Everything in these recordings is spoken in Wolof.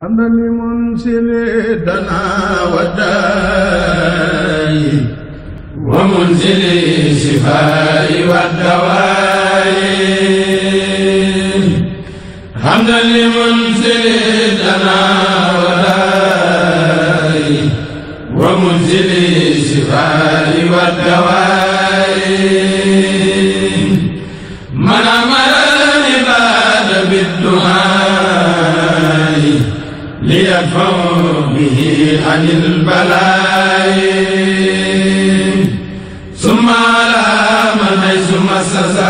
أما لمنسل دنا وداي ومنزل الشفاء والدواء حمدا لمنزل دنا وداي ومنزل الشفاء والدواء من أمر العباد بالدعاء يدفع به عن البلاء ثم على من حيث مست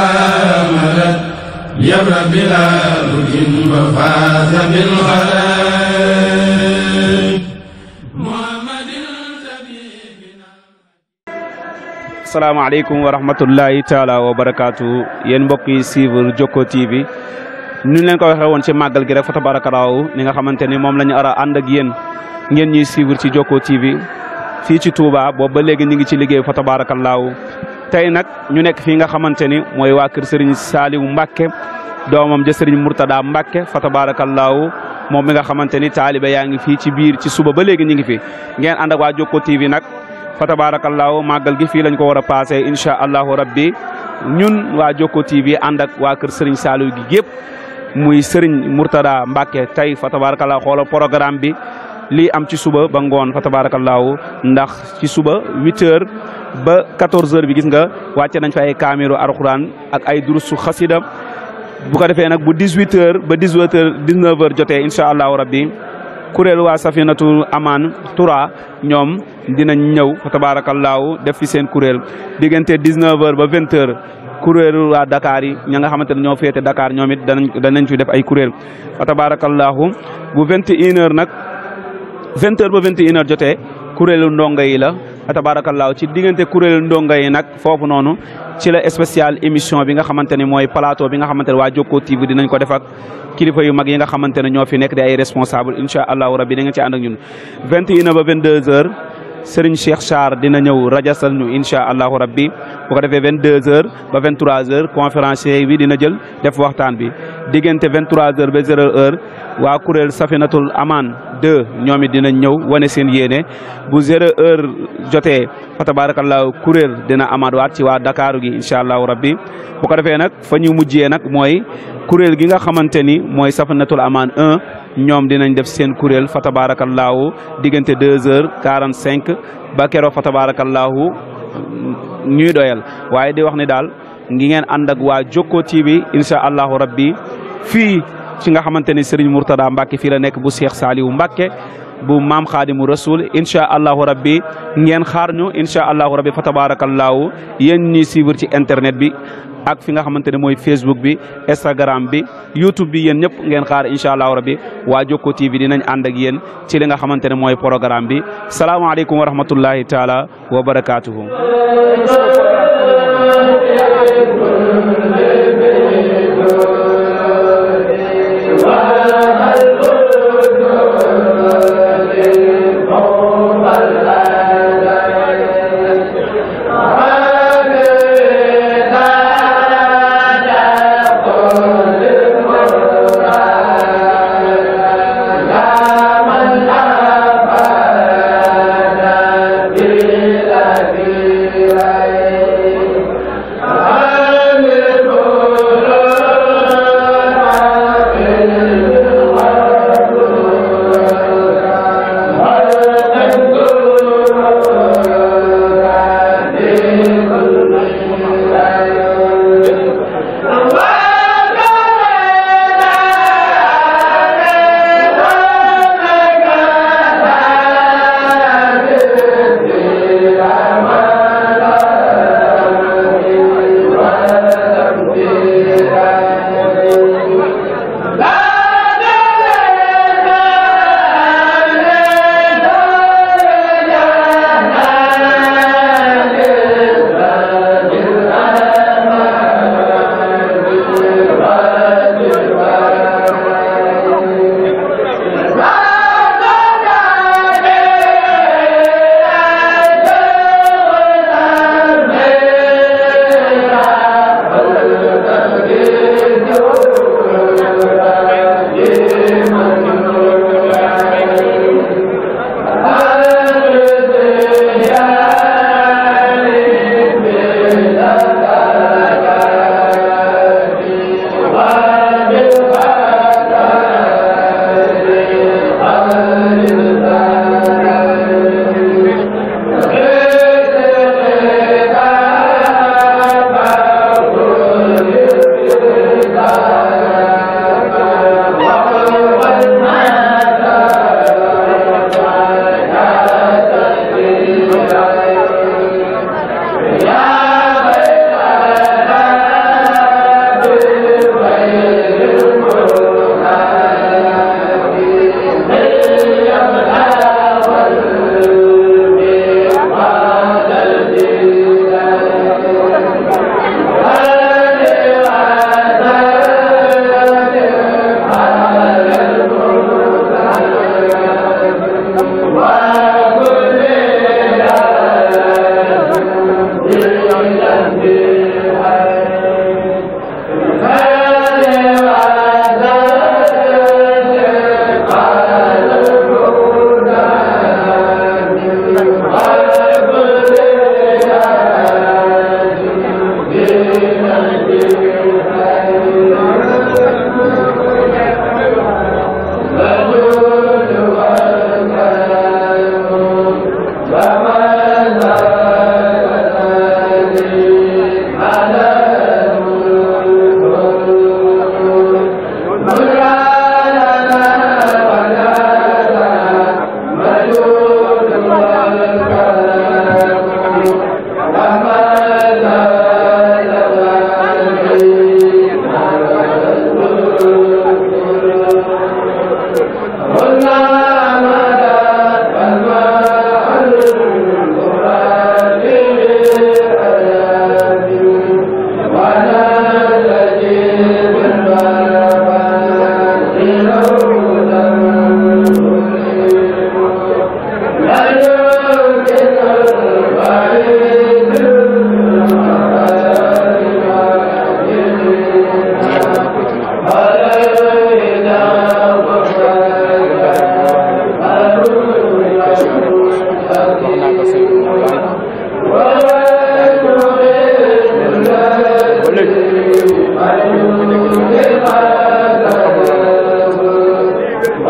يبرى بلا رجل وفاز بالغلاء asalaamaaleykum wa rahmatullahi taala wa barakaatu yéen mbokk yi suivre Jokko TV ñu leen ko waxee woon ci màggal gi rek fa tabarakalaaw ni nga xamante ni moom la ñu ara ànd ak yen ngeen ñuy suivre ci Jokko TV fii ci Touba boobu ba léegi ñu ngi ci liggéey fa tabarakalaaw tey nag ñu nekk fii nga xamante ni mooy waa kër Serigne Saliou Mbacke doomam ja Serigne Mourtada Mbacke fa tabarakalaaw moom bi nga xamante ni taalibe yaa ngi fii ci biir ci suba ba léegi ñu ngi fi ngeen ànd ak waa Jokko TV nag fa tabarakalaaw màggal gi fii lañ ko war a passé incha allahu rabbi ñun waa Jokko TV ànd ak waa kër Serigne Saliou gi yëpp muy Serigne Mourtada Mbacke tey fa tabaarakallaa xoolal programme bi lii am ci suba ba ngoon fa tabaarakallaahu ndax ci suba 8 heures ba 14 heures bi gis nga wàcce nañ fa ay kaamiru alxuraan ak ay durusu xasida bu ko defee nag bu 18 heures ba 18 heures 19 heures jotee incha allahu rabbi kuréel waa safinatu amaan tura ñoom dinañ ñëw fa tabaarakallaahu def fi seen kuréel diggante 19 heures ba 20 heures kuréelu waa Dakar yi ña nga xamante ne ñoo féete Dakar ñoom it danañ danañ fi def ay kuréel wa tabarakallahu bu vingt et nag vingt heures ba vingt et une jotee kuréelu ndonga yi la wa tabarakallahu ci diggante kuréelu ndonga yi nag foofu noonu ci la spécial émission bi nga xamante ne mooy plateau bi nga xamante ne waa Jokko TV dinañ ko def ak kilifa yu mag yi nga xamante ne ñoo fi nekk di ay responsable incha allahu rabbi da nga ci ànd ak ñun vingt et une ba vingt deux heures Serigne dina ñëw rajasal ñu incha allahu rabbi bu ko defee vingt deux heures ba vingt trois heures conférencier bi dina jël def waxtaan bi diggante vingt trois heures ba zéro heure waa kuréel Safinatul Aman deux ñoom it dinañ ñëw wane seen yéene bu zéro heure jotee fa tabaarakallaahu kuréel dina amaat waat ci waa Dakaaru gi incha allahu rabbi bu ko defee nag fa ñu mujjee nag mooy kuréel gi nga xamante ni mooy Safinatul Aman un ñoom dinañ def seen kuréel fa tabaarakallaahu diggante deux heures quarante cinq ba keroog fa tabaarakallaahu ñuy doyal waaye di wax ni daal ngi ngeen ànd ak waa Jokko TV incha allahu rabbi fii ci nga xamante ni Serigne Mourtada Mbacke fii la nekk bu Cheikh Saliou Mbacke bu maam xaadimu rasul incha allahu rabbi ngeen xaar ñu incha allahu rabbi fa tabarakallahu yéen ñi suivre ci internet bi ak fi nga xamante ne mooy Facebook bi Instagram bi YouTube bi yéen ñëpp ngeen xaar incha allahu rabbi waa Jokko TV dinañ ànd ak yéen ci li nga xamante ne mooy programme bi salaamaaleykum wa rahmatullahi taala wa barakaatuhu. Allah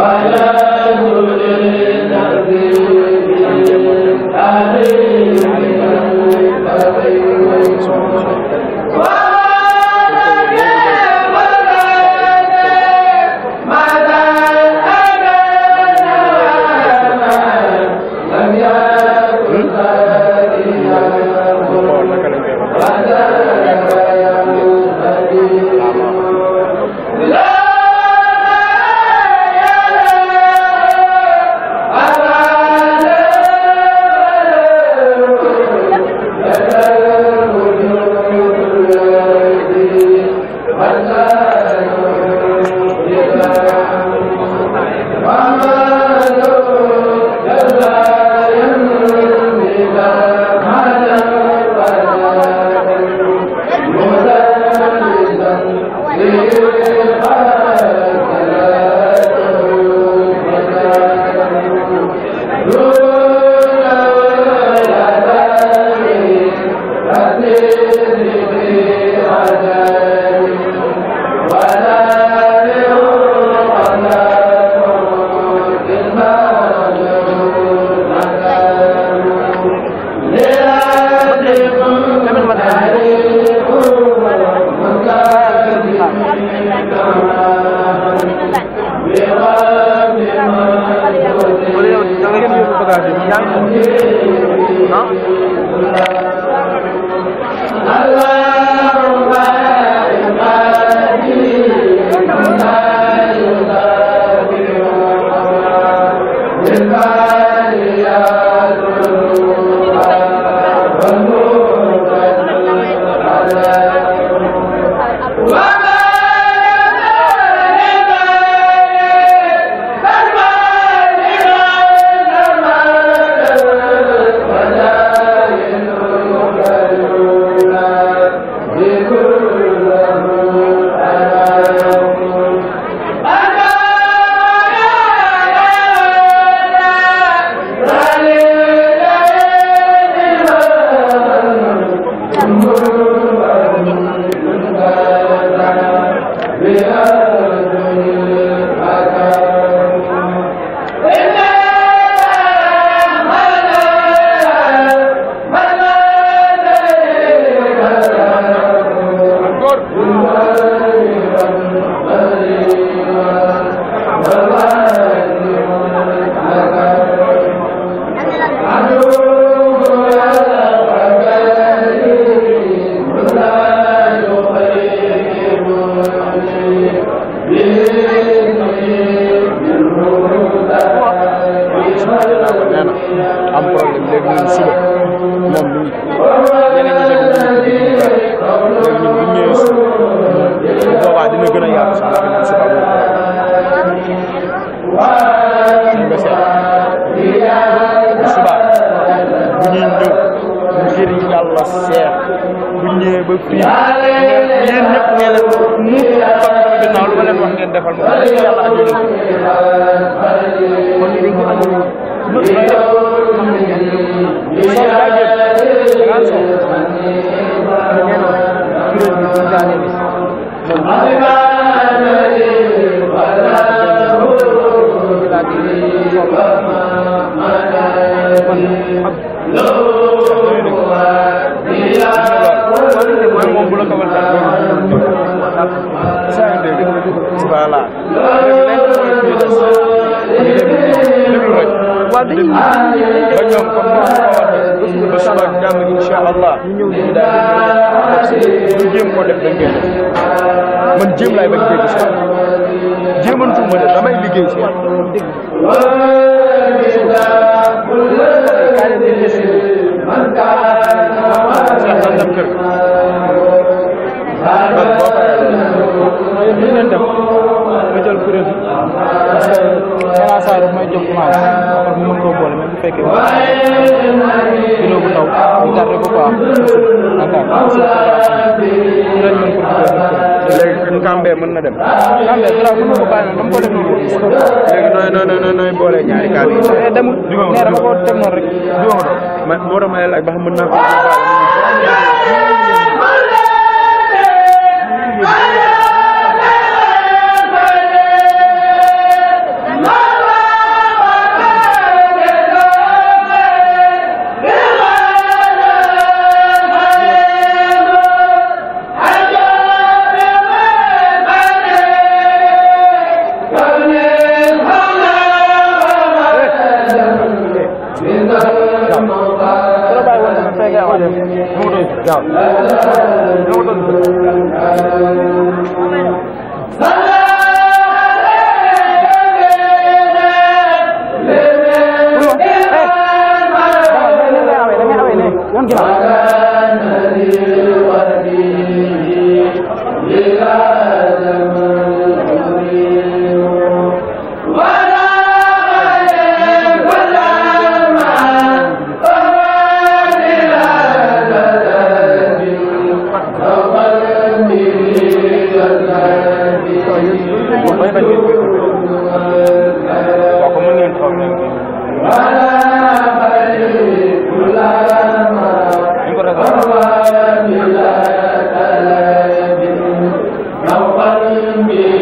Wala. là, ba fii yéen ñëpp nee leen muus fan sama ginnaaw lu ma leen wax ngeen defal ma yàlla ak yéen kon ñu ngi am lu ñu def xam nga ngeen ransom da ngeen wax kuréel bi ci daane bi kon ab même moom bu la ko wan daal saa ngi dégg voilà allah ñu ñëw ñu daal ñu jéem ko def dañ koy def man jéem laay léegi Kambé mën na dem. Kambé dara mën na ko bàyyi nag dama ko def non non non nooy boole ñaari kàddu yi. Eh, demul nee na ma ko teg noonu rek. ma moo tax ma ne ba xam mën naa Aleluia.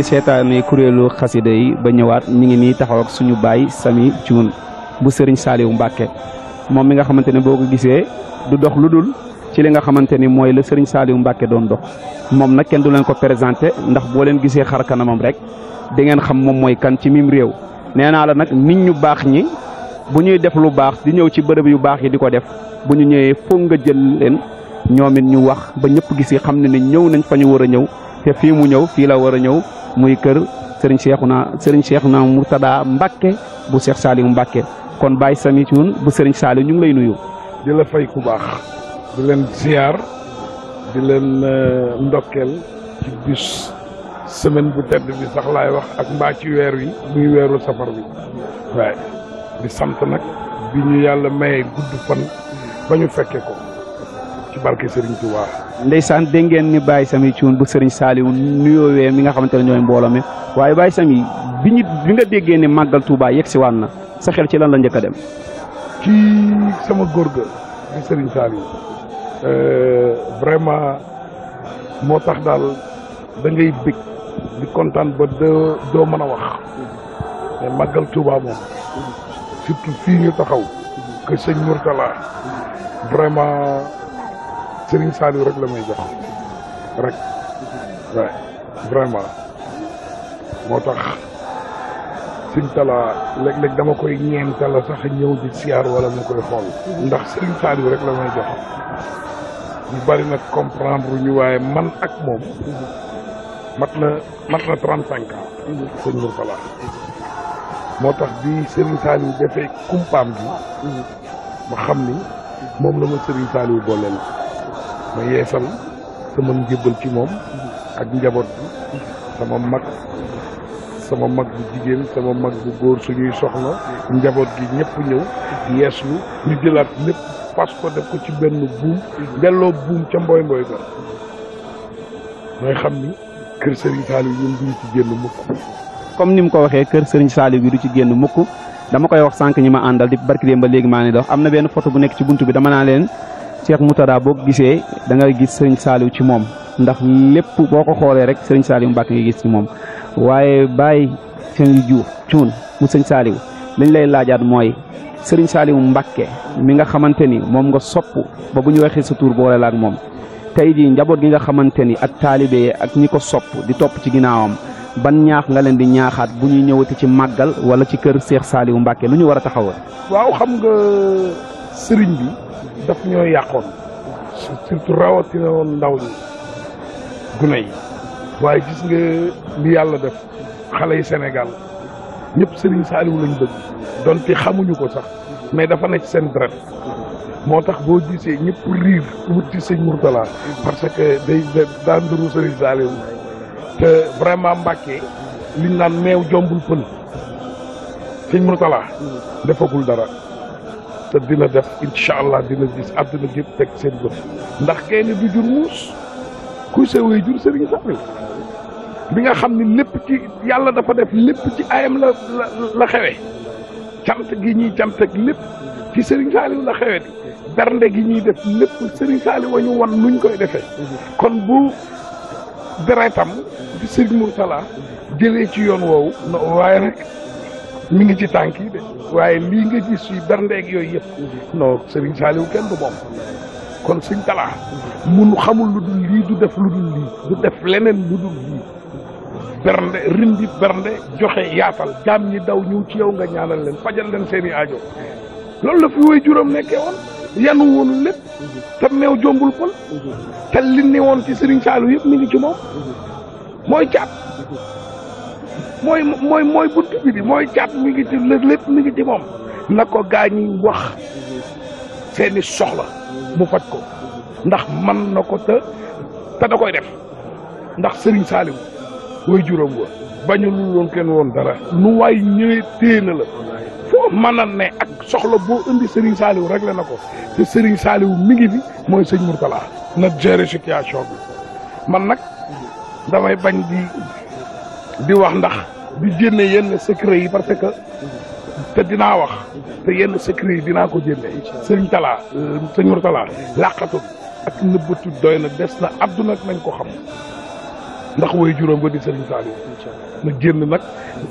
may seetaanee kurelu xasida yi ba ñëwaat mi ngi ni taxaw ak suñu sami jun bu serigne saliw mominga mom mi nga xamante boko gisé du dox luddul ci li nga xamante moy le serigne saliw mbacké doon dox mom nak kenn du leen ko présenter ndax bo leen gisé xar kanamam rek di ngeen xam mom moy kan ci mim réew la nak nit ñu bax ñi bu ñuy def lu bax di ñëw ci yu bax yi diko def bu ñu ñëwé fo nga jël leen ñoomin ñu wax ba ñëpp gisé ni ñëw nañ fañu wara ñëw té fi mu ñëw fi la wara ñëw muy kër sëriñ Cheikhouna sëriñ Cheikhouna Mourtada Mbacke bu Cheikh Saliou Mbacke kon Baye Sami Thioune bu sëriñ Saliou ñu ngi lay nuyu. di la fay ku baax di leen ziar di leen euh, ndokkeel ci bis semaine bu tedd bi sax laay wax ak mbaa ci weer wi muy weeru safar bi waaye di sant nag bi ñu yàlla mayee gudd fan ba fekke ko ci barke Serigne Touba. ndaysan de ngeen ni Baye Sami ciun bu Serigne nuyo we mi nga xamantene ñoy mbolam Baye Sami bi nit bi nga déggee ni magal Touba yegg si waan na sa xel ci lan la ñëk dem. ci sama gorga ga di Serigne euh vraiment motax dal da ngay bég di contane ba doo do mëna wax Touba surtout fi ñu taxaw ke murtala vraiment. Serigne Saliou rek la may jox rek waaye moo tax suñ tala léeg-léeg dama koy ñeen tala sax ñëw di siyaar wala ma koy xool ndax Serigne Saliou rek la may jox ñu bari nag comprendre ñu waaye man ak moom mat na mat na trente cinq ans moo tax di Serigne Saliou dafay kumpaam bi ma xam ni moom la ma Serigne Saliou booleel ma yeesal sama njëbbal ci moom ak njaboot bi sama mag sama mag bu jigéen sama mag bu góor suñuy soxla njaboot gi ñëpp ñëw yeeslu ñu jëlaat lépp parce que def ko ci benn buum delloo buum ca mboy mboy ga mooy xam ni kër Serigne Saliou ñun duñ ci génn mukk comme ni mu ko waxee kër Serigne Saliou bi du ci génn mukk dama koy wax sànq ñi ma àndal di barki ba léegi maa ngi dox am na benn photo bu nekk ci bunt bi dama naa leen Cheikh Moutada boo gisee da ngay gis sëriñ Saliou ci moom ndax lépp boo ko xoolee rek sëriñ Saliou Mbacke ngay gis ci moom waaye bàyyi seen juuf cuun mu sëñ Saliou lañ lay laajaat mooy sëriñ Saliou Mbacke mi nga xamante ni moom nga sopp ba bu ñu waxee sa tuur boole la ak moom tey jii njaboot gi nga xamante ni ak taalibe ak ñi ko sopp di topp ci ginnaawam ban ñaax nga leen di ñaaxaat bu ñuy ñëwati ci màggal wala ci kër Cheikh Saliou Mbacke lu ñu war a taxawal. daf ñoo yàqoon surtout rawatina woon ndaw ñi gune yi waaye gis nga li yàlla def xale yi Sénégal ñëpp Serigne Saliou lañ bëgg donte xamuñu ko sax mais dafa nekk seen deret moo tax boo gisee ñëpp riir wut ci sëñ Mourtala parce que day daan duru Serigne Saliou te vraiment Mbàkke liñ naan meew jombul pën sëñ Mourtala defagul dara te dina def incha allah dina gis àdduna gépp teg seen bët ndax gaynde du jur muus ku sewee jur sëriñ bi nga xam ne lépp ci yàlla dafa def lépp ci ayam la la la xewe cant gi ñuy cant ak lépp ci sëriñ Saliou la xewe bernde gi ñuy def lépp sëriñ Saliou wa ñu wan nuñ koy defee kon bu deretam di sëriñ Mourtala jëlee ci yoon woowu waaye nag mi ngi ci tànk yi de waaye lii nga gis yi berndeeg yooyu yëpp non Serigne Saliou kenn du moom kon Serigne Talla munu xamul lu dul lii du def lu dul lii du def leneen lu dul lii bernde rindi bernde joxe yaatal jaam ñi daw ñëw ci yow nga ñaanal leen fajal leen seen i aajo loolu la fi woy juróom nekkee woon yanu woonu lépp te meew jombul pël te li ne woon ci Serigne Saliou yëpp mi ngi ci moom mooy caat mooy mooy mooy bunt bi mooy jàpp mi ngi ci lépp mi ngi ci moom na ko gaa ñi wax seeni soxla mu faj ko ndax man na ko te te da koy def ndax Serigne Saliou way juróom wa bañu woon kenn woon dara nu way ñëwee téye la foo mën a ne ak soxla boo indi Serigne Saliou réglé na ko te Serigne Saliou mi fi mooy sëñ Mourtala na gérer situation bi man nag damay bañ di di wax ndax di génne yenn secret yi parce que te dinaa wax te yenn secret yi dinaa ko jénne sëñ Talla euh, sëñ Mourtala làqatu ak nëbbatu doy na des na àdduna ak nañ ko xam ndax woy juróom ba di sëriñ Saliou na génn nag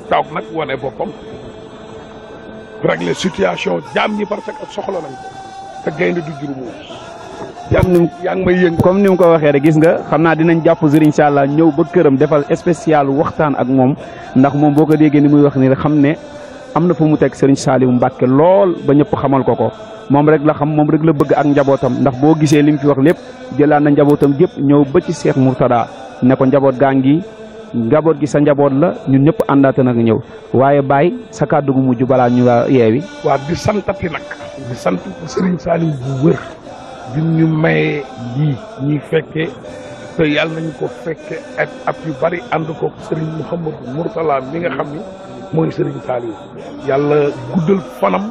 taw nag wane boppam régler situation jaam ñi parce que soxla nañ ko te gaynde du juróom comme ni comme ni mu ko waxee rek gis nga xam naa dinañ jàpp jour incha allah ñëw ba këram defal spécial waxtaan ak moom ndax moom boo ko déggee ni muy wax nii rek xam ne am na fu mu teg Serigne Saliou Mbacke lool ba ñëpp xamal ko ko moom rek la xam moom rek la bëgg ak njabootam ndax boo gisee li mu fi wax lépp jëlaan na njabootam gépp ñëw ba ci Cheikh Mourtada ne ko njaboot gaa ngi njaboot gi sa njaboot la ñun ñëpp àndaata nag ñëw waaye Baye sa kàddu gu mujj balaa ñu yeewi. waaw di sant nag di sant Serigne Saliou bi ñu mayee lii ñuy fekkee te yàlla nañu ko fekke ak ab yu bari ànd ko Serigne Mouhamadou Mourtala mi nga xam ni mooy Serigne Saliou yàlla guddal fanam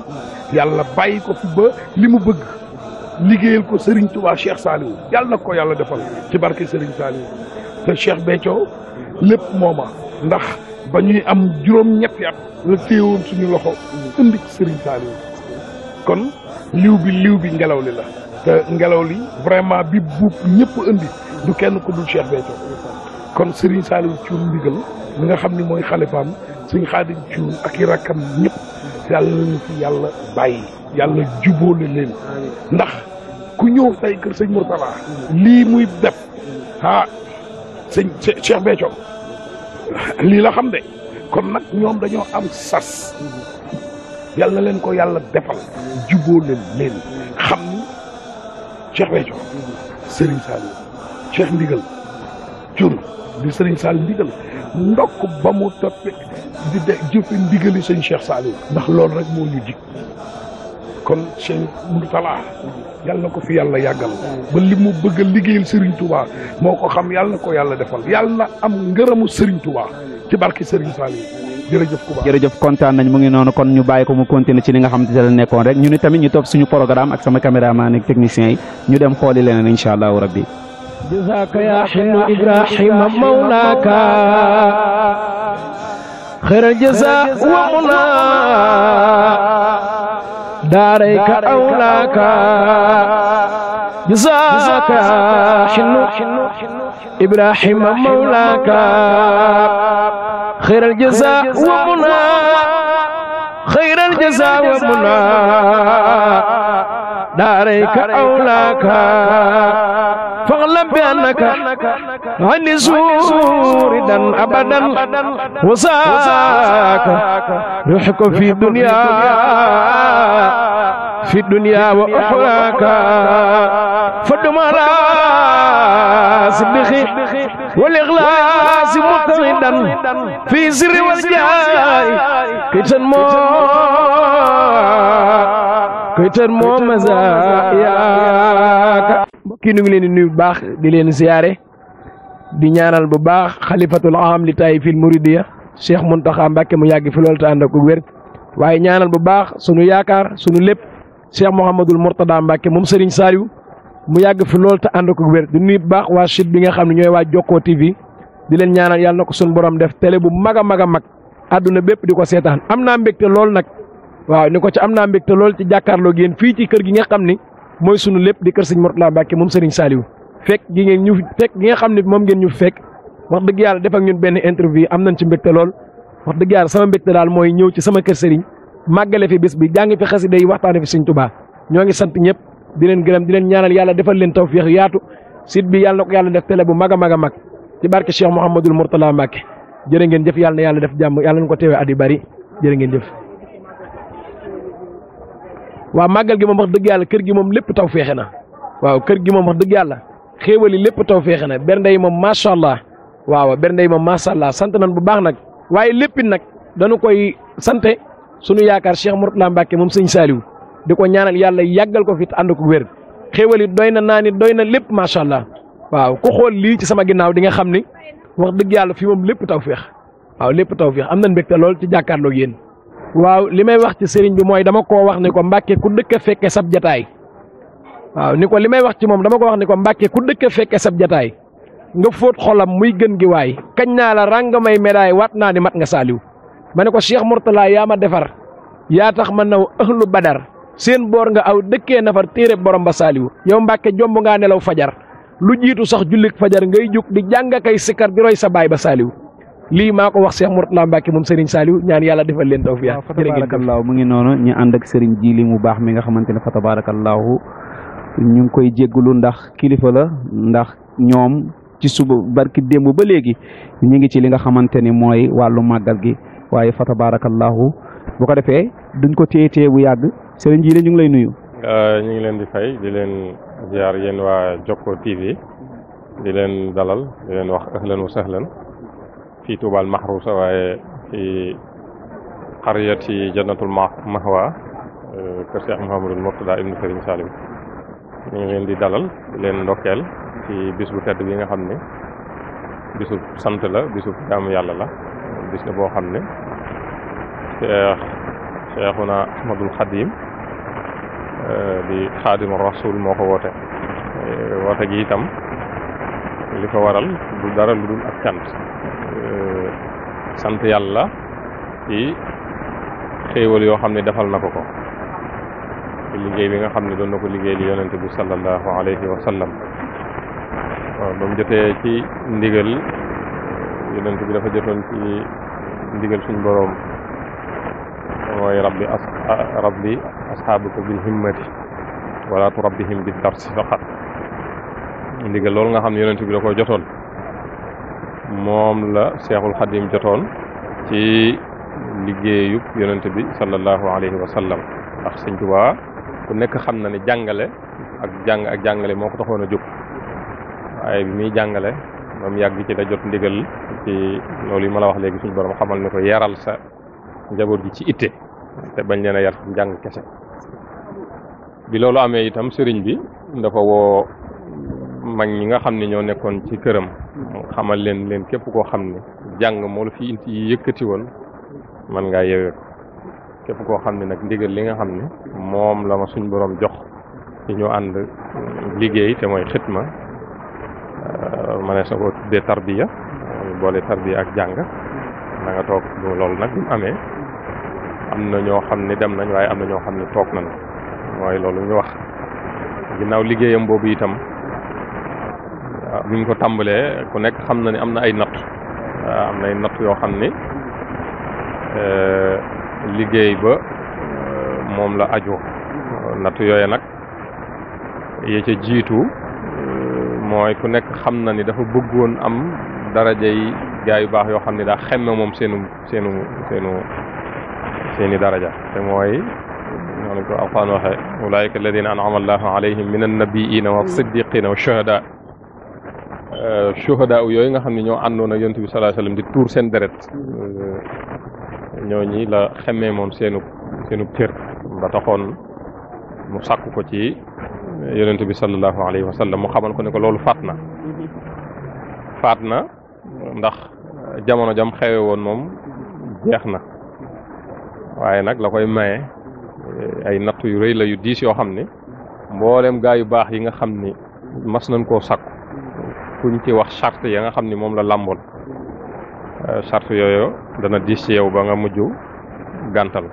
yàlla bàyyi ko fi ba li mu bëgg liggéeyal ko Serigne Touba Cheikh Saliou yàlla na ko yàlla defal ci barke Serigne Saliou te Cheikh Béthio lépp mooma ndax ba ñuy am juróom-ñetti at la téewoon suñu loxo indi ci Serigne kon liw bi liw bi ngelaw li la te ngelaw li vraiment bi buub ñëpp indi du kenn ku dul Cheikh Béthio kon Serigne Saliou Thioune ndigal nga xam ni mooy xalifaam suñ Xaadim Thioune ak i rakkam ñëpp yàlla nañu fi yàlla bàyyi yàlla jubóole leen ndax ku ñëw tey kër sëñ Mourtala lii muy def ah sëñ Cheikh Béthio lii la xam de kon nag ñoom dañoo am sas yàlla na leen ko yàlla defal jubóole leen Cheikh Béthio Serigne Saliou Cheikh Ndigal cur di Serigne Saliou Ndigal ndokk ba mu toppe di de jëfe ndigali sëñ Cheikh Saliou ndax loolu rek moo ñu jig kon sëñ Mourtala yàlla na ko fi yàlla yàggal ba li mu bëgg a liggéeyal Serigne moo ko xam yàlla na ko yàlla defal yàlla na am ngërëmu Serigne Touba ci barki Serigne Saliou jërëjëf Kouba jërëjëf kontaan nañ mu ngi noonu kon ñu bàyyi ko mu continuer ci li xam ne la nekkoon rek ñu ni tamit ñu topp suñu programme ak sama caméraman ak technicien yi ñu dem xooli leneen incha allahu rabbi jazaaka yaa xinu ibrahima mawlaaka xëral jazaa wa muna daarayka awlaaka jazaaka إبراهيم مولاك خير الجزاء ومنا خير الجزاء ومنا داريك أولاك فاغلب بأنك عن سور دن أبدا وساك يحكم في دنيا في الدنيا وأخراك فدما صدخي والإغلاس مطردا في سر والجاي كتن مو كتن مو مزاياك ki ñu ngi leen di nuyu di ñaanal bu baax khalifatul am li tay fil muridiya cheikh muntaha mbacke mu yàgg fi ñaanal bu baax suñu yaakar suñu lepp Cheikh Mouhamadul murtada mbake mom Serigne saliw mu yag fi lol ta ànd ko wer di nuy bax wa chute bi nga xamni ñoy wa joko TV di len ñaanal yalla nako sun borom def tele bu maga maga mag aduna bepp diko setan di ko lol nak wa niko ci amna naa lol ci jakarlo gene fi ci keur gi nga xamni moy sunu lepp di keur serigne murtada mbake mom Serigne saliw fek gi ngeen ñu fek gi nga xamni mom ngeen ñu fek wax deug yalla def ak ñun ben interview amnañ ci mbégte lol wax deug yalla sama mbégte dal moy ñew ci sama keur Serigne magale fi bis bi jàng fi xasida yi waxtaane fi seigne touba ñoo ngi sant ñep di leen gërëm di leen ñaanal yalla defal leen tawfiq yaatu sit bi yalla ko yalla def télé bu maga maga mak ci barke Cheikh mohammedul murtala Mbacke jërë ngeen jëf yalla yalla def jamm yalla ñu ko teewee adi bari jërë ngeen jëf. wa magal gi mom wax dëgg yalla kër gi mom lepp taw na kër gi mom wax dëgg yalla xéewali yi lépp na yi moom allah allah sant nañ bu baax nak waye lepp nak dañu koy santé sunu yaakaar Cheikh Mourtala Mbacke moom sëñ Saliou di ko ñaanal yàlla yàggal ko fi te ànd ko wér xéwal it doy na naa ni doy na lépp macha allah waaw ku xool lii ci sama ginnaaw di nga xam ni wax dëgg yàlla fi moom lépp taw feex waaw lépp taw feex am na mbégte lool ci jàkkaarloog yéen. waaw li may wax ci sëriñ bi mooy dama koo wax ni ko Mbacke ku dëkk fekke sab jataay waaw ni ko li may wax ci moom dama ko wax ni ko Mbacke ku dëkk a fekke sab jataay nga fóot xolam muy gën gi waay kañ naa la ràng may médaille waat naa ni mat nga saaliw mané ko Cheikh murtala yaa ma defar ya tax man naw ahlu badar seen bor nga aw dekké nafar téré borom ba saliw yow mbàkke jomb nga nelaw fajar lu jitu sax julik fajar ngay juk di jang kay sikar di roy sa bay ba saliw li mako wax Cheikh murtala Mbacke moom Serigne saliw ñaan yalla defal len tawfiya waaw fa tabaarakallaahu mu ngi nono ñi and ak Serigne Jili mu bax mi nga xamanteni fa tabaarakallaahu ñu ngi koy jéggulu ndax kilifa la ndax ñom ci suba barki dembu ba léegi ñi ngi ci li nga xamanteni moy walu magal gi waaye fa tabaarakallaahu bu ko defee duñ ko téye téye bu yàgg sëriñ ji ñu ngi lay nuyu. ñu ngi leen di fay di leen ziar yéen waa Jokko TV di leen dalal di leen wax ahlan wa leen fii Tuubal Maxruusa waaye fii xariyati jannatul mahwa euh, kër Cheikh Mouhamadul Mourtada ibnu Sëriñ Salim ñu ngi leen di dalal di leen ndokkeel ci bis bu tedd bi nga xam ne bisu sant la bisu jaamu yàlla la. bis la boo xam ne cheikh cheikhuna ahmadul xadim euh, di xaadimu rasul moo ko woote euh, woote gi itam li ko waral du dara lu dul ak cant euh, sant yàlla ci xéewal yoo xam ne defal na ko ko ci liggéey bi nga xam ne doon na ko liggéey li yonente bi sallallahu alayhi wa sallam jotee ci ndigal yonent bi dafa jotoon ci ndigal suñ boroom mooy rabbi as rabbi asxaabaka bil himmati wala turabbihim bi darsi faqat ndigal loolu nga xam ne yonent bi da koo jotoon moom la seexul xadim jotoon ci liggéeyub yonent bi sallallahu alayhi wa sallam ndax sëñ Tuubaa ku nekk xam na ne jàngale ak jàng jàngale moo ko taxoon a jóg waaye bi muy jàngale moom yàgg ci da jot ndigal ci loolu yi ma la wax léegi suñu borom xamal ne ko yaral sa njaboot gi ci itte te bañ leen na yar njàng kese bi loolu amee itam sëriñ bi dafa woo mag ñi nga xam ne ñoo nekkoon ci këram xamal leen leen képp koo xam ne jàng moo la fi inti yi yëkkati woon ko képp koo xam ne nag ndigal li nga xam ne moom la ma suñ boroom jox ci ñu ànd liggéey te mooy xitma Euh, mënees na koo tuddee tarbiya boole tarbiya ak jàng da nga toog loolu nag bi mu amee am na ñoo xam ne dem nañ waaye am na ñoo xam ne toog na mooy loolu ñu wax ginnaaw liggéeyam boobu itam ah, bi ñu ko tàmbalee ku nekk xam na ne am na ay natt ah, am na ay natt yoo xam ne euh, liggéey ba euh, moom la aju natt yooye nag ya ca jiitu mooy ku nekk xam na ni dafa bëggoon am daraja yi gaa yu baax yoo xam ne daa xemme moom seenu seenu seenu seeni daraja te mooy noonu ko alquran waxe ulaayika alladina anama allahu alayhim min annabiina wa siddiqina wa shuhada shuhada yooyu nga xam ne ñoo àndoon ak yontu bi salaa sallam di tuur seen deret ñoo ñi la xemmee moom seenu seenu cër ba taxoon mu sàkk ko ci yonent bi sallallahu alayhi wa sallam mu xamal ko ne ko loolu faat na faat na ndax jamono jam xewe woon moom jeex na waaye nag la koy maye ay natt yu rëy la yu diis yoo xam ni mboolem gaa yu baax yi nga xam ni mas nañ koo sakku kuñ ci wax charte ya nga xam ni moom la làmboon euh, charte yooyu dana diis ci yow ba nga mujj gàntal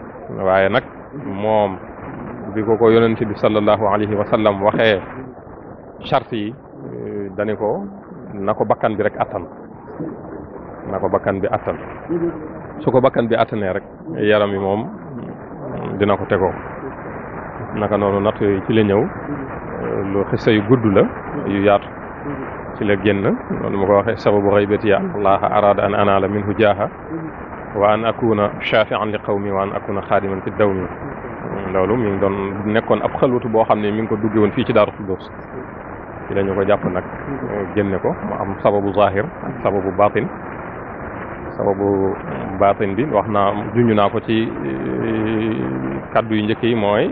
waaye nag moom bi ko ko yonent bi sallallahu alayhi wa sallam waxee charte yi dani ko na ko bakkan bi rek attan na ko bakkan bi attan su ko bakkan bi attanee rek yaram yi moom dina ko tegoo naka noonu natt yooyu ci la ñëw lu xisa yu gudd la yu yaatu ci la génn noonu ma ko waxee sababu xaybati ya allaha arada an anaala minhu jaaha wa an akuna shafian li qawmi wa an akuna xaadiman fi dawmi loolu mi ngi doon nekkoon ab xalwatu boo xam ne mi ngi ko dugge woon ci Daaru Xuddoos ci la ko jàpp nag euh, génne ko mu am sababu zahir ak sababu batin sababu bi wax naa junj naa ko ci euh, kaddu yu njëkk yi mooy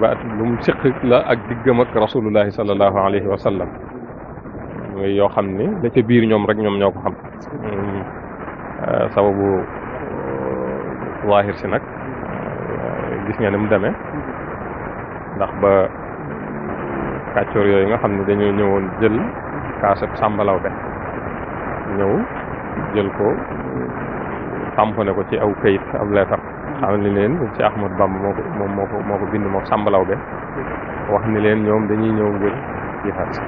ba lu mu siq la ak diggam ak rasulullahi sallallahu yoo xam ni la ñoom rek ñoom ñoo ko xam euh, sababu zahir si nag gis nga ni mu demee ndax ba kàccoor yooyu nga xam ne dañoo ñëwoon jël kaasab sàmbalaw be ñëw jël ko tamponné ko ci aw këyit ab leetar xam ni leen ci Ahmad Bamba moo ko moom moo ko bind moom sàmbalaw be wax ni leen ñoom dañuy ñëw ngir jihaad si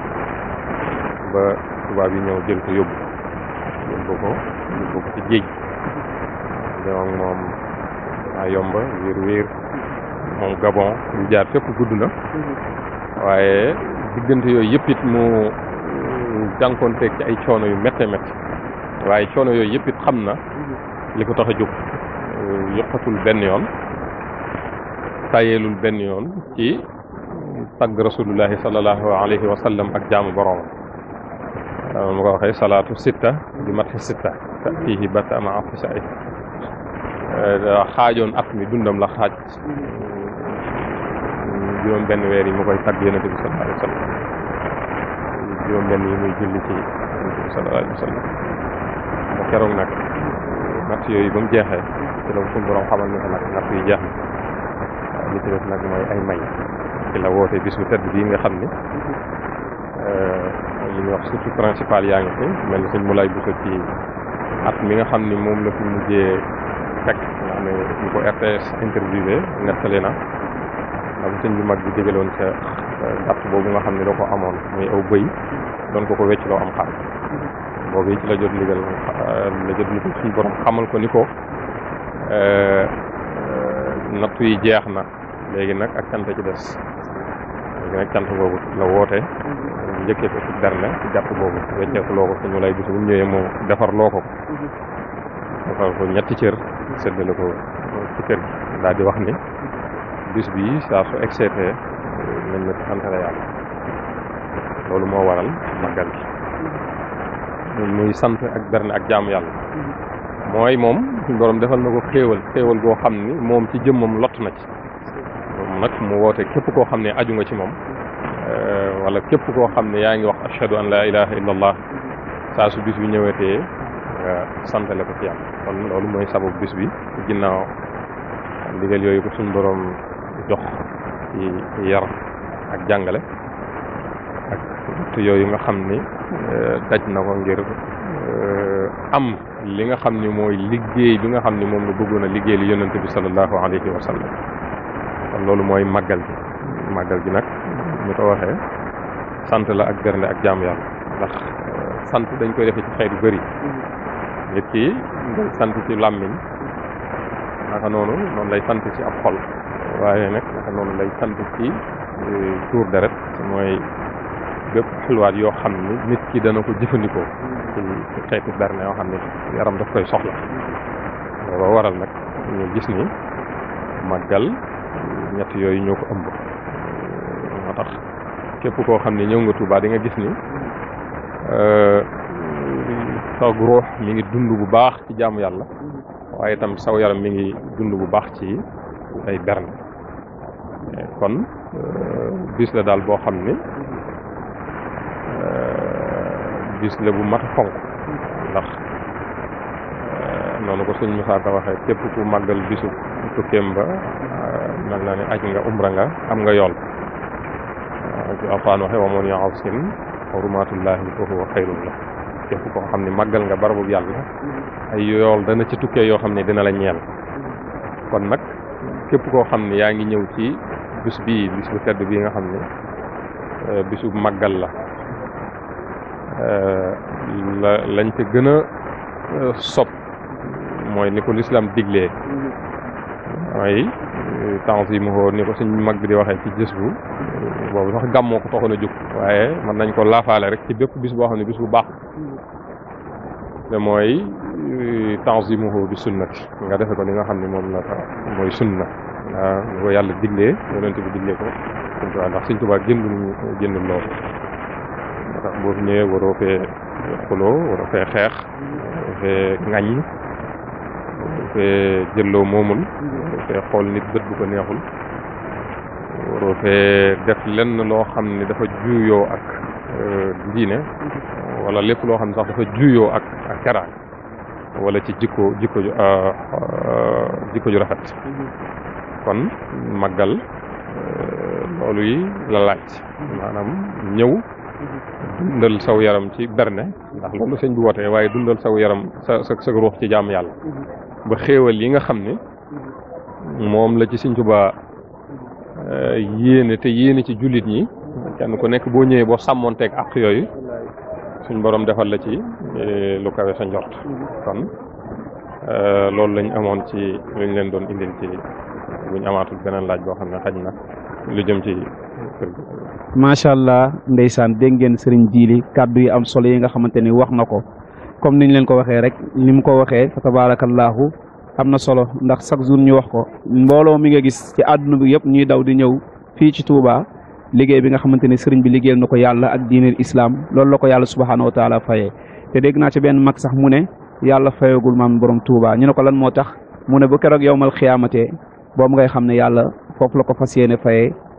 ba tubaab yi ñëw jël ko yóbbu yóbbu ko yóbbu ko ci géej ñoom moom a yomba wiir wiir moom Gabon ñu jaar fépp gudd na waaye diggante yooyu yëpp it mu jànkoonteeg ci ay coono yu métte métti waaye coono yooyu yëpp xam na li ko tax a jóg yëqatul benn yoon tayeelul benn yoon ci tagg rasulullahi sallallahu alayhi wa sallam ak jaamu boroom mu ko salaatu sitta di matxi sitta ta bata ma afisa xaajoon at mi dundam la xaaj yoon benn weer yi mu koy tagg yonent bi sallallahu alayhi wa benn yi muy julli ci yonent bi nag natt ba mu jeexee ci la suñu borom xamal jeex na waaw li ci des nag mooy ay may ci la woote bis bu tedd bii nga xam ni euh, li ñuy wax surtout principal yaa ngi fi mel ni ci mi nga xam ni moom la fi mujjee fekk nga xam ne ñu ko RTS interviewé nettali na la ko sëñ bi mag bi digaloon ca gàtt euh, boobu nga xam ne da ko amoon muy aw bëy doon ko ko loo am xar boobu ci la jot ndigal euh, la jot ndigal suñu borom xamal ko ni ko euh, nattu yi jeex na léegi nag ak cant ci des léegi nag cant boobu la woote njëkkee ko ci berne ci gàtt boobu wecceeku loo ko fi ñu lay gis bu ñëwee moo defar loo ko defar ko ñetti cër séddale ko ci kër gi daal di wax ni bis bii saa su excepté nañ na ci santale yàlla loolu moo waral màggal gi muy sant ak berne ak jaamu yàlla mooy moom suñ borom defal na ko xéewal xéewal goo xam ni moom ci jëmmam lott na ci moom nag mu woote képp koo xam ne aju nga ci moom euh, wala képp koo xam ne yaa ngi wax ashhadu an laa ilaha illa saa su bis bi ñëwetee santale ko ci yàlla kon loolu mooy sababu bis bi ginnaaw ndigal yooyu ko suñ borom dox ci yar ak jàngale ak te yooyu nga xam ni euh, daj na ko ngir euh, am li nga xam ni mooy liggéey bi nga xam ni moom la bëggoon a liggéey li yonent bi sallallahu alayhi wa sallam kon loolu mooy màggal gi màggal gi nag ñu ko waxee sant la ak bernde ak jaamu yàlla ndax euh, sant dañ koy defee ci xeet yu bëri nit ki sant ci làmmiñ naka noonu noonu lay sant ci ab xol waaye nag naka noonu lay sant ci e, tuur deret mooy bépp xilwaat yoo xam ni nit ki dana ko jëfandikoo ci ci xeeti berne yoo xam ne yaram daf koy soxla looloo waral nag ñu gis ni màggal ñett yooyu ñoo ko ëmb moo tax képp koo xam ne ñëw nga Tuubaa di nga gis ni e, saw ruux mi ngi dund bu baax ci jaamu yàlla waaye itam saw yaram mi ngi dund bu baax ci ay berne kon euh, bis la daal boo xam ni euh, biis la bu mat a fonk ndax euh, noonu ko sëñ Moussa waxee képp ku màggal bisu tukkeem ba mel na ni aj nga umra nga am nga yool ci alxuraan waxee wa man ya'sim xurumaatullaahi fa huwa xayrun la képp koo xam ne màggal nga barabu yàlla ay yool dana ci tukkee yoo xam ne dina la ñeel kon nag képp koo xam ne yaa ngi ñëw ci bis bii bis bu tedd bii nga xam ne euh, bisu màggal la euh, la lañ te gën a euh, mooy ni ko lislaam diglee mooy tanzimuhu ni ko suñ mag bi di waxee ci gis bu boobu sax gàmmoo ko taxoon a jóg waaye mën nañ ko laafaale rek ci bépp bis boo xam ne bis bu baax te mooy tanzimuhu bi sunnati nga defe ko ni nga xam ne moom la mooy sunna bu ko yàlla diglee yonent bi diglee ko Sëñ Tuubaa ndax Sëñ Tuubaa génn ñu génn tax boo fi ñëwee waroo fee xuloo waroo fee xeex waroo fee ŋaññi waroo fee jëlloo moomul waroo fee xool nit bët bu ko neexul waroo fee def lenn loo xam ne dafa juuyoo ak euh, diine wala lépp loo xam ne sax dafa juuyoo ak ak teraanga ci jikko jikko ju euh, euh, jikko ju rafet kon màggal euh, loolu yi la laaj maanaam ñëw dundal saw yaram ci berne ndax loolu sëñ bu wootee waaye dundal saw yaram sa sa ruux ci jaamu yàlla ba xéewal yi nga xam ni moom la ci sëñ Tuubaa euh, yéene te yéene ci jullit ñi kenn ku nekk boo ñëwee boo sàmmoonteeg ak yooyu suñ borom defal la ci euh, lu kawe sa njort kon loolu lañ amoon ci luñ leen doon indil ci buñ amaatul beneen laaj boo xam ne macha allah ndeysaan dégg ngeen sëriñ jiili kàddu yi am solo yi nga xamante ni wax na ko comme niñ leen ko waxee rek ni mu ko waxee fa tabaarakallaahu am na solo ndax chaque jour ñu wax ko mbooloo mi nga gis ci àdduna bi yëpp ñuy daw di ñëw fii ci Touba liggéey bi nga xamante ni sëriñ bi liggéeyal na ko yàlla ak diineel islam loolu la ko yàlla subhaanahu wa taala fayee te dégg naa ci benn mag sax mu ne yàlla fayagul maam borom Touba ñu ne ko lan moo tax boobu ngay xamne yalla fofu lako fasiyene ko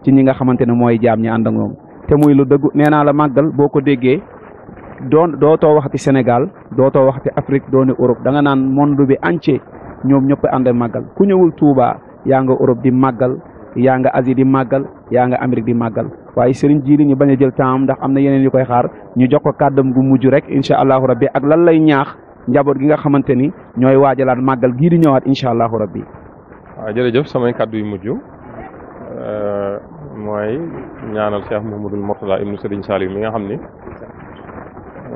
ci ñi nga xamantene moy mooy jaam ñi ànd ak moom te muy lu deug nee la magal boko ko déggee doon dootoo waxati Sénégal dootoo waxati Afrique doone Europe da nga nan monde bi entier ñom ñëpp ànd magal ku ñëwul Touba ya nga Europe di magal ya nga Asie di magal ya nga amerique di magal waye sëriñ jii ñu baña jël temps ndax amna na yeneen yu koy xaar ñu jox ko kaddam gu mujj rek inshallah rabbi ak lan lay ñaax njabot gi nga xamanteni ñoy wajalat magal gi di ñëwaat inshallah rabbi waaw jërëjëf samay kàddu yu mujj euh, mooy ñaanal mu Mouhamadul Mourtada ibnu Serigne Saliou mi nga xam ni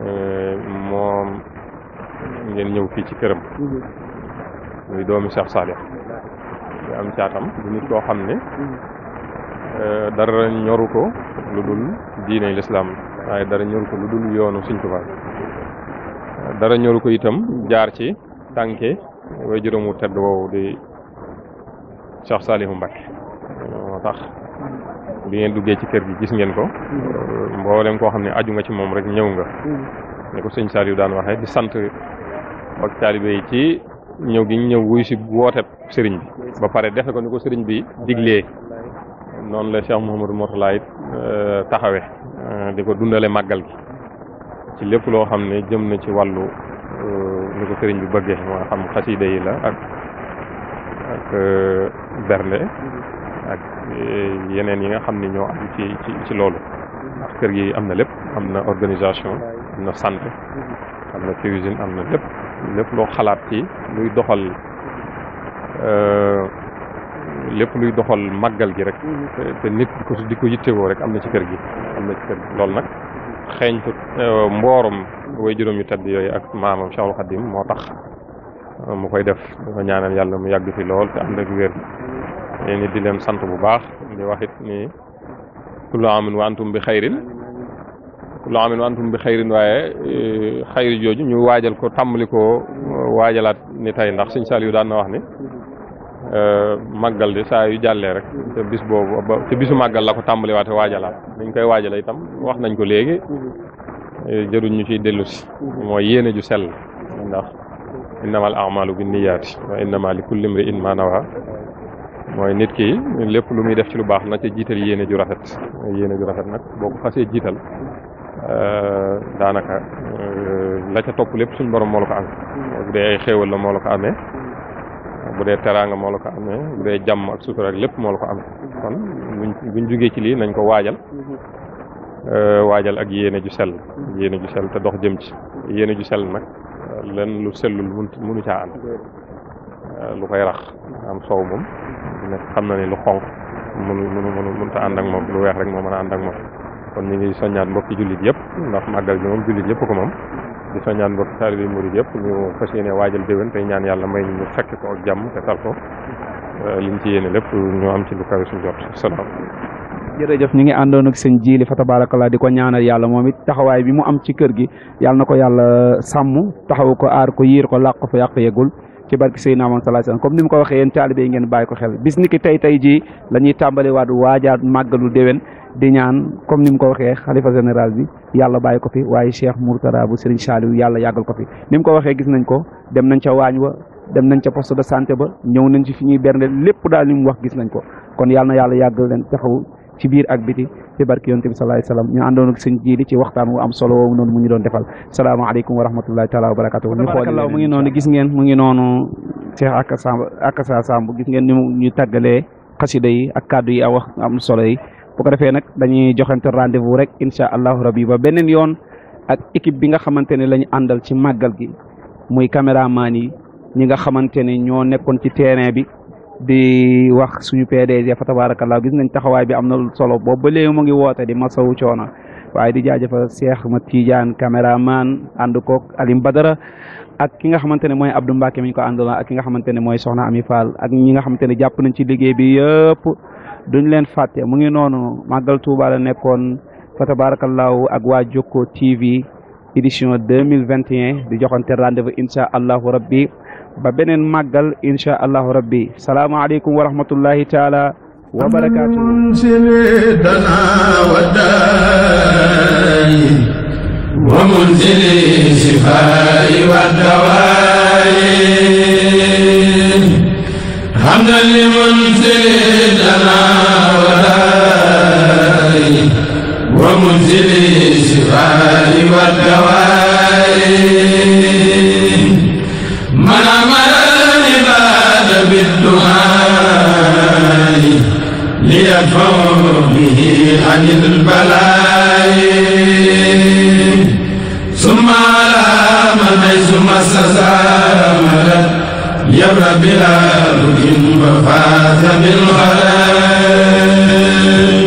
euh, moom ngeen ñëw fii ci këram muy doomi Cheikh Saliou di am caatam di nit koo xam ne euh, dara ñoru ko lu dul diine lislaam waaye dara ñoru ko lu dul yoonu Sëriñ Tuubaa dara ñoru ko itam jaar ci tànke way juróom tedd woowu di Cheikh Saliou Mbacké moo tax bi ngeen duggee ci kër gi gis ngeen ko mboolem koo xam ne aju nga ci moom rek ñëw nga ni ko sëñ Saliou daan waxee di sant ba taalibe yi ci ñëw gi ñëw wuy si wooteb sëriñ bi ba pare defe ko ni ko sëriñ bi diglee noonu la Cheikh Mouhamadou Mourtala euh, taxawe euh, di ko dundale màggal gi ci lépp loo xam ne jëm na ci wàllu euh, ni ko sëriñ bi bëggee moo xam xasiida yi la ak Euh, bernde ak eh, yeneen yi nga xam ne ñoo am ci ci ci loolu ndax kër gi am na lépp am na organisation am na santé am na cuisine am na lépp lépp loo xalaat ci luy doxal euh, lépp luy doxal màggal gi rek te nit di ko di ko yittewoo rek am na ci kër gi am na ci kër gi nag xeeñtu euh, mboorom way juróom yu tedd yooyu ak maamam Cheikhul Khadim moo tax mu koy def dafa ñaanal yàlla mu yàgg fi lool te ànd ak wér ni di leen sant bu baax di wax it ni kullu amin wa antum bi xayrin kullu amin wa antum bi xayrin waaye eh, xayri jooju ñu waajal ko tàmbali ko eh, waajalaat ni tey ndax Sëñ yu daan na wax ni eh, maggal de saa yu jàllee rek te bis boobu ba te bisu màggal la ko tàmbaliwaate waajalaat dañ koy waajale itam wax nañ ko léegi jëruñ ñu ciy dellu si mooy yéene ju sell ndax innamal a'maalu binniyaati wa innamaa li kulli imri'in maa nawaa mooy nit ki lépp lu muy def ci lu baax na ca jiital yéene ju rafet yéene ju rafet nag boo ko fasee jiital euh, daanaka euh, la ca topp lépp suñ borom moo ko am bu dee ay la moo ko amee bu dee teraanga moo ko ame bu dee jàmm ak sutura lépp moo ko amee kon buñ buñ jugee ci lii nañ ko waajal euh, waajal ak yéene ju sel yéene ju sell te dox jëm ci yéene ju sel nag lenn lu sellul mënu caa am euh, lu koy rax am soow moom nekk xam na ni lu xonq mënu mënu mënu mënta ànd ak moom lu weex rek moo mën a ànd ak moom kon ñu ngi soññaat mbokki jullit yëpp ndax màggal gi moom jullit yëpp ko moom di soññaat mbokki taalibe murid yëpp ñu fas yéene waajal déwén tey ñaan yàlla may ñu fekk ko ak jàmm te tal ko euh, liñ ci yéene lépp ñu am ci lu kawe suñ jot salaam jërëjëf ñu ngi àndoon a sëñ Jili fa tabarakallah di ko ñaanal yàlla moom it taxawaay bi mu am ci kër gi yàlla na ko yàlla sàmm taxaw ko aar ko yiir ko làq ko fa yàq yegul ci barke Seydina Muhammad sallallahu alayhi wasallam comme ni mu ko waxee yéen taalibe yi ngeen bàyyi ko la ñuy gis nañ ko dem nañ ca waañ wa dem nañ ca poste de santé ba ñëw nañ fi ñuy bernde lépp daal li mu wax gis nañ ko kon yàlla yàlla yàggal leen taxaw ci biir ak biti ci barki yonte bi sallallahu alayhi wasallam ñu àndoon ak sëñ jiili ci waxtaan wu am solo woowu noonu mu ñu doon defal salaamaaleykum wa rahmatullahi taala wa barakatuh ñu xool mu ngi noonu gis ngeen mu ngi noonu Cheikh Akasa Samb gis ngeen ñu tàggalee xasida yi ak kàddu yi a wax am solo yi bu ko defee dañuy joxante rendez-vous rek insha allahu rabbi ba beneen yoon ak équipe bi nga xamante ne la ñu àndal ci màggal gi muy caméraman yi ñi nga xamante ne ñoo nekkoon ci terrain bi di wax suñu PDG fa tabaarakallaa gis nañ taxawaay bi am na solo boobu ba léegi mu ngi woote di masawu coono waaye di jaajëfal Cheikh ma Tidiane caméraman ànd koog Alim Badara ak ki nga xamante ne mooy Abdou Mbacke mi ñu ko àndaloon ak ki nga xamante ne mooy Soxna Ami Fall ak ñi nga xamante ne jàpp nañ liggéey bi yëpp duñ leen fàtte mu ngi noonu màggal Touba la nekkoon fa tabaarakallaa ak waa Jokko TV édition deux mille vingt et di joxante rendez ببنن مغل إن شاء الله ربي السلام عليكم ورحمة الله تعالى وبركاته الحمد لمنزل دنا وداي ومنزل شفاء والدواي بالدعاء ليدفعوا به عن البلاء ثم على من حيث مس يبرى بلا وفات بالغلاء